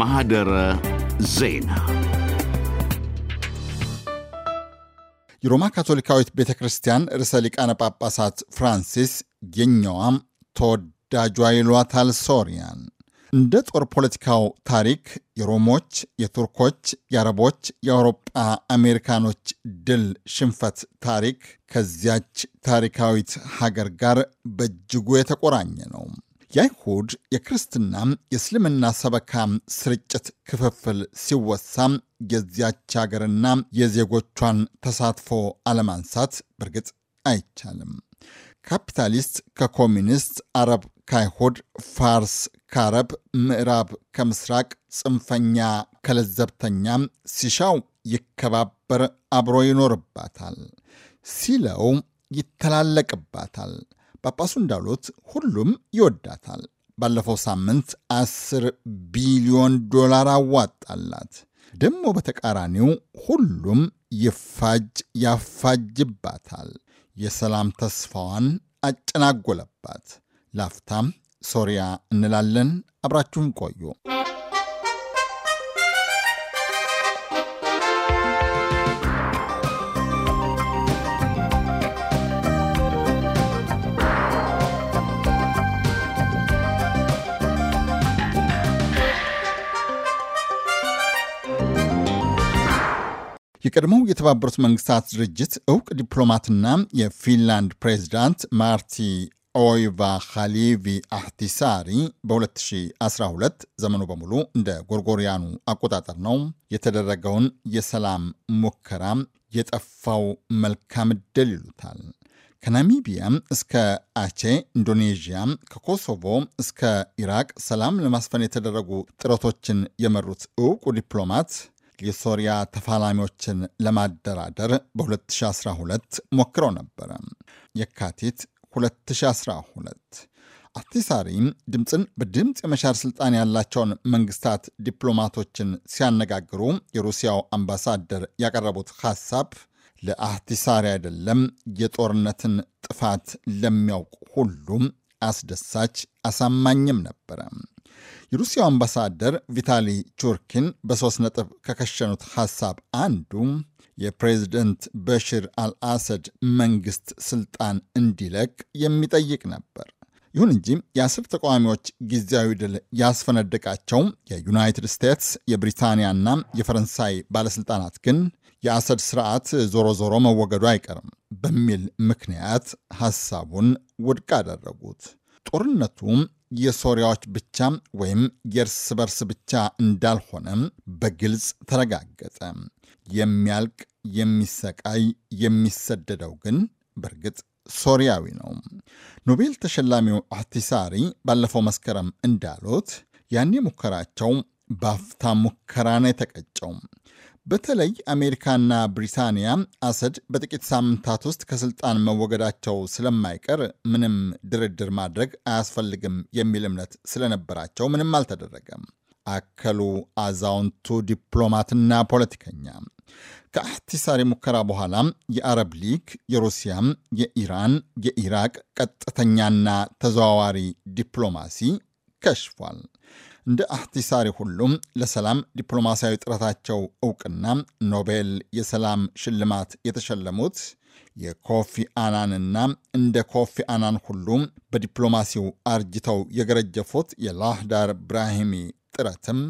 ማህደረ ዜና የሮማ ካቶሊካዊት ቤተ ክርስቲያን ርዕሰ ሊቃነ ጳጳሳት ፍራንሲስ የኛዋም ተወዳጇ ይሏታል ሶሪያን እንደ ጦር ፖለቲካው ታሪክ የሮሞች፣ የቱርኮች፣ የአረቦች፣ የአውሮጳ አሜሪካኖች ድል ሽንፈት ታሪክ ከዚያች ታሪካዊት ሀገር ጋር በእጅጉ የተቆራኘ ነው። የአይሁድ የክርስትና የእስልምና ሰበካ ስርጭት ክፍፍል ሲወሳ የዚያች ሀገርና የዜጎቿን ተሳትፎ አለማንሳት በእርግጥ አይቻልም። ካፒታሊስት ከኮሚኒስት፣ አረብ ከአይሁድ፣ ፋርስ ከአረብ፣ ምዕራብ ከምስራቅ፣ ጽንፈኛ ከለዘብተኛ ሲሻው ይከባበር አብሮ ይኖርባታል፣ ሲለው ይተላለቅባታል፣ ጳጳሱ እንዳሉት ሁሉም ይወዳታል። ባለፈው ሳምንት 10 ቢሊዮን ዶላር አዋጣላት። ደግሞ በተቃራኒው ሁሉም ይፋጅ ያፋጅባታል። የሰላም ተስፋዋን አጨናጎለባት። ላፍታም ሶሪያ እንላለን። አብራችሁን ቆዩ። የቀድሞው የተባበሩት መንግስታት ድርጅት እውቅ ዲፕሎማትና የፊንላንድ ፕሬዚዳንት ማርቲ ኦይቫ ካሊቪ አህቲሳሪ በ2012 ዘመኑ በሙሉ እንደ ጎርጎሪያኑ አቆጣጠር ነው የተደረገውን የሰላም ሙከራ የጠፋው መልካም ዕድል ይሉታል። ከናሚቢያ እስከ አቼ ኢንዶኔዥያ፣ ከኮሶቮ እስከ ኢራቅ ሰላም ለማስፈን የተደረጉ ጥረቶችን የመሩት እውቁ ዲፕሎማት የሶሪያ ተፋላሚዎችን ለማደራደር በ2012 ሞክረው ነበረ። የካቲት 2012 አቲሳሪ ድምፅን በድምፅ የመሻር ስልጣን ያላቸውን መንግስታት ዲፕሎማቶችን ሲያነጋግሩ የሩሲያው አምባሳደር ያቀረቡት ሐሳብ ለአህቲሳሪ አይደለም የጦርነትን ጥፋት ለሚያውቅ ሁሉም አስደሳች አሳማኝም ነበረ። የሩሲያው አምባሳደር ቪታሊ ቹርኪን 3 ነጥብ ከከሸኑት ሐሳብ አንዱ የፕሬዝደንት በሽር አልአሰድ መንግስት ስልጣን እንዲለቅ የሚጠይቅ ነበር። ይሁን እንጂ የአስር ተቃዋሚዎች ጊዜያዊ ድል ያስፈነደቃቸው የዩናይትድ ስቴትስ የብሪታንያና የፈረንሳይ ባለሥልጣናት ግን የአሰድ ስርዓት ዞሮ ዞሮ መወገዱ አይቀርም በሚል ምክንያት ሐሳቡን ውድቅ አደረጉት። ጦርነቱ የሶሪያዎች ብቻ ወይም የእርስ በርስ ብቻ እንዳልሆነ በግልጽ ተረጋገጠ። የሚያልቅ የሚሰቃይ የሚሰደደው ግን በእርግጥ ሶሪያዊ ነው። ኖቤል ተሸላሚው አህቲሳሪ ባለፈው መስከረም እንዳሉት ያኔ ሙከራቸው በአፍታ ሙከራ ነው የተቀጨው። በተለይ አሜሪካና ብሪታንያ አሰድ በጥቂት ሳምንታት ውስጥ ከስልጣን መወገዳቸው ስለማይቀር ምንም ድርድር ማድረግ አያስፈልግም የሚል እምነት ስለነበራቸው ምንም አልተደረገም። አከሉ አዛውንቱ ዲፕሎማትና ፖለቲከኛ። ከአህቲሳሪ ሙከራ በኋላ የአረብ ሊግ፣ የሩሲያ፣ የኢራን፣ የኢራቅ ቀጥተኛና ተዘዋዋሪ ዲፕሎማሲ ከሽፏል። እንደ አህቲሳሪ ሁሉም ለሰላም ዲፕሎማሲያዊ ጥረታቸው እውቅና ኖቤል የሰላም ሽልማት የተሸለሙት የኮፊ አናንና እንደ ኮፊ አናን ሁሉም በዲፕሎማሲው አርጅተው የገረጀፉት የላህዳር ብራሂሚ ጥረትም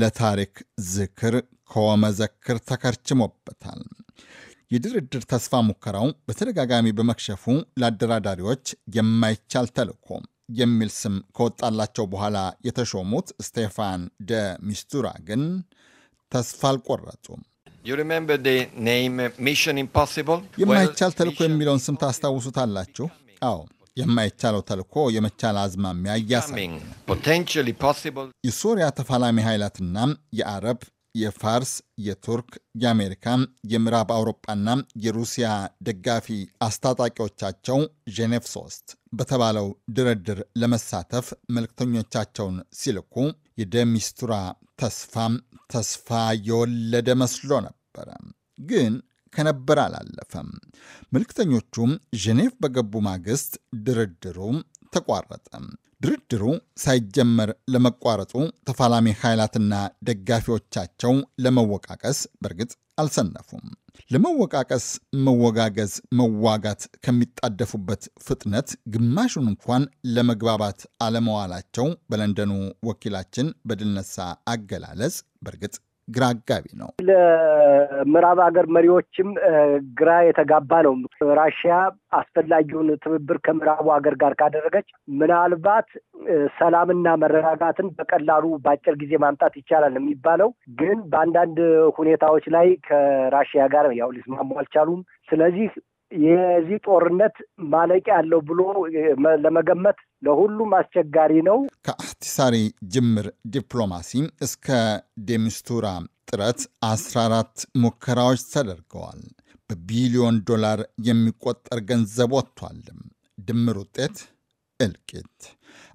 ለታሪክ ዝክር ከወመዘክር ተከርችሞበታል። የድርድር ተስፋ ሙከራው በተደጋጋሚ በመክሸፉ ለአደራዳሪዎች የማይቻል ተልኮም የሚል ስም ከወጣላቸው በኋላ የተሾሙት ስቴፋን ደ ሚስቱራ ግን ተስፋ አልቆረጡም። የማይቻል ተልኮ የሚለውን ስም ታስታውሱታላችሁ? አዎ፣ የማይቻለው ተልኮ የመቻል አዝማሚያ እያሳየ የሶሪያ ተፋላሚ ኃይላትና የአረብ የፋርስ፣ የቱርክ፣ የአሜሪካ፣ የምዕራብ አውሮፓና የሩሲያ ደጋፊ አስታጣቂዎቻቸው ጄኔቭ 3 በተባለው ድርድር ለመሳተፍ መልክተኞቻቸውን ሲልኩ የደሚስቱራ ተስፋ ተስፋ የወለደ መስሎ ነበረ። ግን ከነበር አላለፈም። ምልክተኞቹም ጄኔቭ በገቡ ማግስት ድርድሩ ተቋረጠ። ድርድሩ ሳይጀመር ለመቋረጡ ተፋላሚ ኃይላትና ደጋፊዎቻቸው ለመወቃቀስ በእርግጥ አልሰነፉም። ለመወቃቀስ መወጋገዝ፣ መዋጋት ከሚጣደፉበት ፍጥነት ግማሹን እንኳን ለመግባባት አለመዋላቸው በለንደኑ ወኪላችን በድልነሳ አገላለጽ በእርግጥ ግራ አጋቢ ነው። ለምዕራብ ሀገር መሪዎችም ግራ የተጋባ ነው። ራሽያ አስፈላጊውን ትብብር ከምዕራቡ ሀገር ጋር ካደረገች ምናልባት ሰላምና መረጋጋትን በቀላሉ በአጭር ጊዜ ማምጣት ይቻላል የሚባለው ግን በአንዳንድ ሁኔታዎች ላይ ከራሽያ ጋር ያው ሊስማሙ አልቻሉም። ስለዚህ የዚህ ጦርነት ማለቂያ አለው ብሎ ለመገመት ለሁሉም አስቸጋሪ ነው። ከአህቲሳሪ ጅምር ዲፕሎማሲ እስከ ዴሚስቱራ ጥረት 14 ሙከራዎች ተደርገዋል። በቢሊዮን ዶላር የሚቆጠር ገንዘብ ወጥቷል። ድምር ውጤት እልቂት።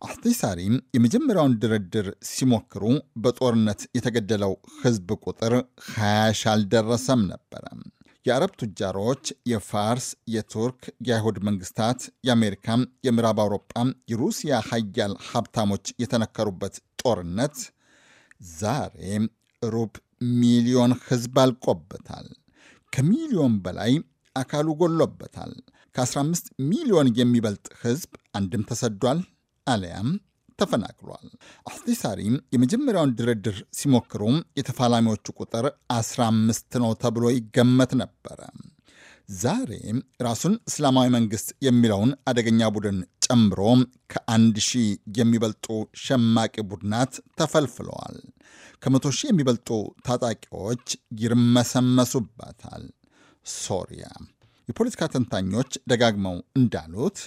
አህቲሳሪ የመጀመሪያውን ድርድር ሲሞክሩ በጦርነት የተገደለው ሕዝብ ቁጥር 20 ሺህ አልደረሰም ነበረ። የአረብ ቱጃሮች፣ የፋርስ፣ የቱርክ፣ የአይሁድ መንግስታት፣ የአሜሪካ፣ የምዕራብ አውሮጳ፣ የሩሲያ ሀያል ሀብታሞች የተነከሩበት ጦርነት ዛሬ ሩብ ሚሊዮን ህዝብ አልቆበታል። ከሚሊዮን በላይ አካሉ ጎሎበታል። ከ15 ሚሊዮን የሚበልጥ ህዝብ አንድም ተሰዷል አሊያም ተፈናቅሏል። አህቲሳሪም የመጀመሪያውን ድርድር ሲሞክሩ የተፋላሚዎቹ ቁጥር 15 ነው ተብሎ ይገመት ነበረ። ዛሬ ራሱን እስላማዊ መንግስት የሚለውን አደገኛ ቡድን ጨምሮ ከአንድ ሺህ የሚበልጡ ሸማቂ ቡድናት ተፈልፍለዋል። ከመቶ ሺህ የሚበልጡ ታጣቂዎች ይርመሰመሱባታል ሶሪያ። የፖለቲካ ተንታኞች ደጋግመው እንዳሉት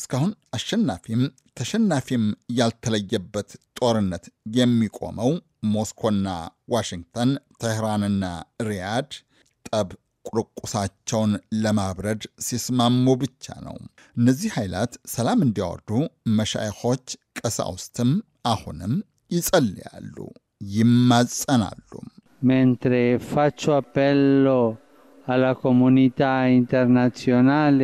እስካሁን አሸናፊም ተሸናፊም ያልተለየበት ጦርነት የሚቆመው ሞስኮና ዋሽንግተን፣ ቴህራንና ሪያድ ጠብ ቁርቁሳቸውን ለማብረድ ሲስማሙ ብቻ ነው። እነዚህ ኃይላት ሰላም እንዲያወርዱ መሻይኾች ቀሳውስትም አሁንም ይጸልያሉ፣ ይማጸናሉ። ሜንትሬ ፋቾ አፔሎ አላ ኮሙኒታ ኢንተርናሲዮናሌ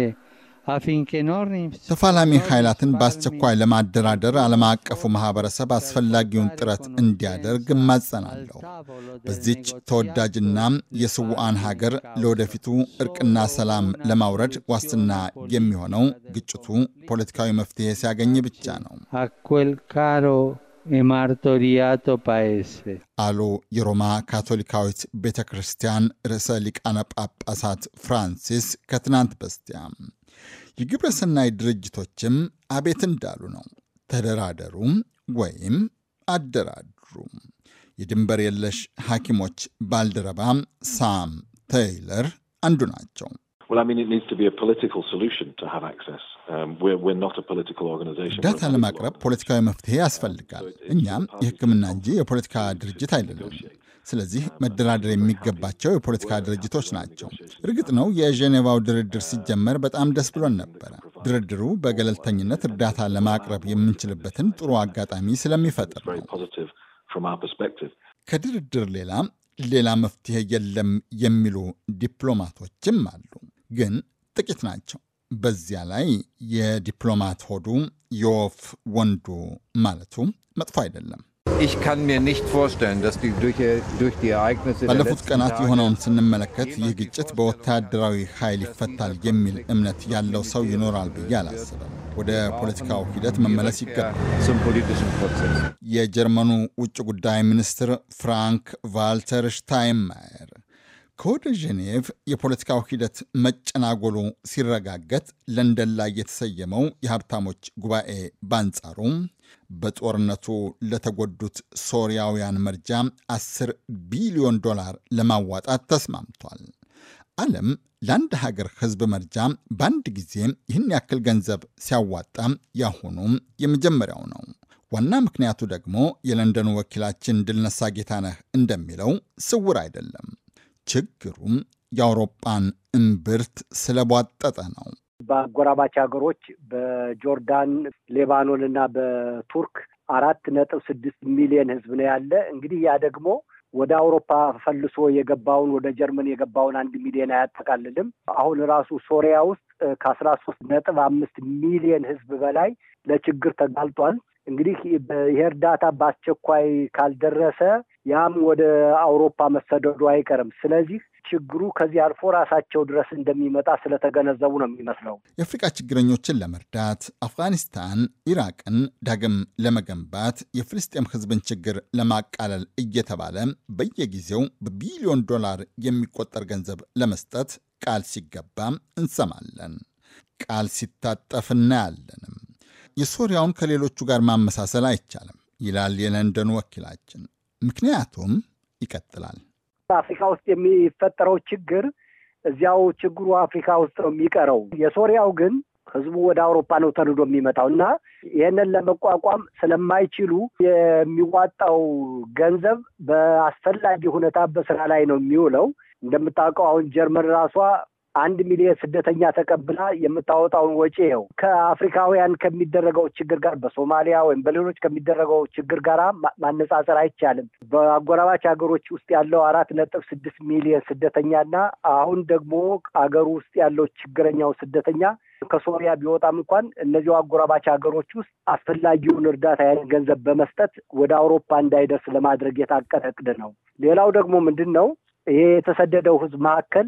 ተፋላሚ ኃይላትን በአስቸኳይ ለማደራደር ዓለም አቀፉ ማኅበረሰብ አስፈላጊውን ጥረት እንዲያደርግ እማጸናለሁ። በዚች ተወዳጅና የስውዓን ሀገር ለወደፊቱ እርቅና ሰላም ለማውረድ ዋስትና የሚሆነው ግጭቱ ፖለቲካዊ መፍትሔ ሲያገኝ ብቻ ነው። የማርቶሪያቶ ፓየስ አሉ የሮማ ካቶሊካዊት ቤተ ክርስቲያን ርዕሰ ሊቃነ ጳጳሳት ፍራንሲስ ከትናንት በስቲያ። የግብረ ድርጅቶችም አቤት እንዳሉ ነው። ተደራደሩ ወይም አደራድሩ። የድንበር የለሽ ሐኪሞች ባልደረባ ሳም ተይለር አንዱ ናቸው። እርዳታ um, ለማቅረብ ፖለቲካዊ መፍትሄ ያስፈልጋል። እኛም የሕክምና እንጂ የፖለቲካ ድርጅት አይደለም። ስለዚህ um, መደራደር የሚገባቸው የፖለቲካ ድርጅቶች ናቸው። እርግጥ ነው የጄኔቫው ድርድር um, ሲጀመር በጣም ደስ ብሎን ነበረ። ድርድሩ በገለልተኝነት እርዳታ ለማቅረብ የምንችልበትን ጥሩ አጋጣሚ ስለሚፈጥር ነው። ከድርድር ሌላ ሌላ መፍትሄ የለም የሚሉ ዲፕሎማቶችም አሉ። ግን ጥቂት ናቸው። በዚያ ላይ የዲፕሎማት ሆዱ የወፍ ወንዱ ማለቱ መጥፎ አይደለም። ባለፉት ቀናት የሆነውን ስንመለከት ይህ ግጭት በወታደራዊ ኃይል ይፈታል የሚል እምነት ያለው ሰው ይኖራል ብዬ አላስብም። ወደ ፖለቲካው ሂደት መመለስ ይገባል። የጀርመኑ ውጭ ጉዳይ ሚኒስትር ፍራንክ ቫልተር ሽታይንማየር ከወደ ጄኔቭ የፖለቲካው ሂደት መጨናጎሉ ሲረጋገጥ ለንደን ላይ የተሰየመው የሀብታሞች ጉባኤ በአንጻሩ በጦርነቱ ለተጎዱት ሶሪያውያን መርጃ 10 ቢሊዮን ዶላር ለማዋጣት ተስማምቷል። ዓለም ለአንድ ሀገር ሕዝብ መርጃ በአንድ ጊዜ ይህን ያክል ገንዘብ ሲያዋጣ ያሁኑም የመጀመሪያው ነው። ዋና ምክንያቱ ደግሞ የለንደኑ ወኪላችን ድልነሳ ጌታነህ እንደሚለው ስውር አይደለም። ችግሩም የአውሮጳን እምብርት ስለቧጠጠ ነው። በአጎራባች ሀገሮች በጆርዳን፣ ሌባኖን እና በቱርክ አራት ነጥብ ስድስት ሚሊዮን ህዝብ ነው ያለ። እንግዲህ ያ ደግሞ ወደ አውሮፓ ፈልሶ የገባውን ወደ ጀርመን የገባውን አንድ ሚሊዮን አያጠቃልልም። አሁን ራሱ ሶሪያ ውስጥ ከአስራ ሶስት ነጥብ አምስት ሚሊዮን ህዝብ በላይ ለችግር ተጋልጧል። እንግዲህ ይሄ እርዳታ በአስቸኳይ ካልደረሰ ያም ወደ አውሮፓ መሰደዱ አይቀርም። ስለዚህ ችግሩ ከዚህ አልፎ ራሳቸው ድረስ እንደሚመጣ ስለተገነዘቡ ነው የሚመስለው። የአፍሪቃ ችግረኞችን ለመርዳት አፍጋኒስታን፣ ኢራቅን ዳግም ለመገንባት የፍልስጤም ሕዝብን ችግር ለማቃለል እየተባለ በየጊዜው በቢሊዮን ዶላር የሚቆጠር ገንዘብ ለመስጠት ቃል ሲገባ እንሰማለን። ቃል ሲታጠፍ እናያለንም። የሶሪያውን ከሌሎቹ ጋር ማመሳሰል አይቻልም ይላል የለንደኑ ወኪላችን። ምክንያቱም ይቀጥላል። አፍሪካ ውስጥ የሚፈጠረው ችግር እዚያው ችግሩ አፍሪካ ውስጥ ነው የሚቀረው። የሶሪያው ግን ህዝቡ ወደ አውሮፓ ነው ተንዶ የሚመጣው እና ይህንን ለመቋቋም ስለማይችሉ የሚዋጣው ገንዘብ በአስፈላጊ ሁኔታ በስራ ላይ ነው የሚውለው። እንደምታውቀው አሁን ጀርመን ራሷ አንድ ሚሊዮን ስደተኛ ተቀብላ የምታወጣውን ወጪ ይኸው ከአፍሪካውያን ከሚደረገው ችግር ጋር በሶማሊያ ወይም በሌሎች ከሚደረገው ችግር ጋር ማነጻጸር አይቻልም። በአጎራባች ሀገሮች ውስጥ ያለው አራት ነጥብ ስድስት ሚሊዮን ስደተኛና አሁን ደግሞ አገሩ ውስጥ ያለው ችግረኛው ስደተኛ ከሶሪያ ቢወጣም እንኳን እነዚሁ አጎራባች ሀገሮች ውስጥ አስፈላጊውን እርዳታ ያን ገንዘብ በመስጠት ወደ አውሮፓ እንዳይደርስ ለማድረግ የታቀደ እቅድ ነው። ሌላው ደግሞ ምንድን ነው ይሄ የተሰደደው ህዝብ መካከል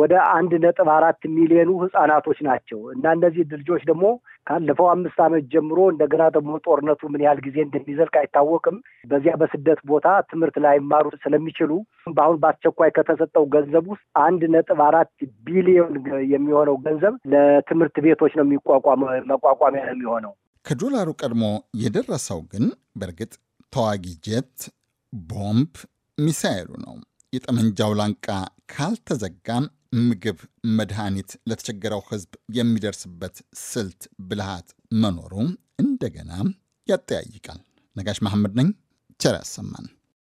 ወደ አንድ ነጥብ አራት ሚሊዮኑ ህጻናቶች ናቸው እና እነዚህ ልጆች ደግሞ ካለፈው አምስት ዓመት ጀምሮ እንደገና ደግሞ ጦርነቱ ምን ያህል ጊዜ እንደሚዘልቅ አይታወቅም። በዚያ በስደት ቦታ ትምህርት ላይማሩ ስለሚችሉ በአሁን በአስቸኳይ ከተሰጠው ገንዘብ ውስጥ አንድ ነጥብ አራት ቢሊዮን የሚሆነው ገንዘብ ለትምህርት ቤቶች ነው የሚቋቋመው መቋቋሚያ ነው የሚሆነው። ከዶላሩ ቀድሞ የደረሰው ግን በእርግጥ ተዋጊ ጀት፣ ቦምብ፣ ሚሳኤሉ ነው። የጠመንጃው ላንቃ ካልተዘጋ ምግብ፣ መድኃኒት ለተቸገረው ህዝብ የሚደርስበት ስልት ብልሃት መኖሩ እንደገና ያጠያይቃል። ነጋሽ መሐመድ ነኝ። ቸር ያሰማን።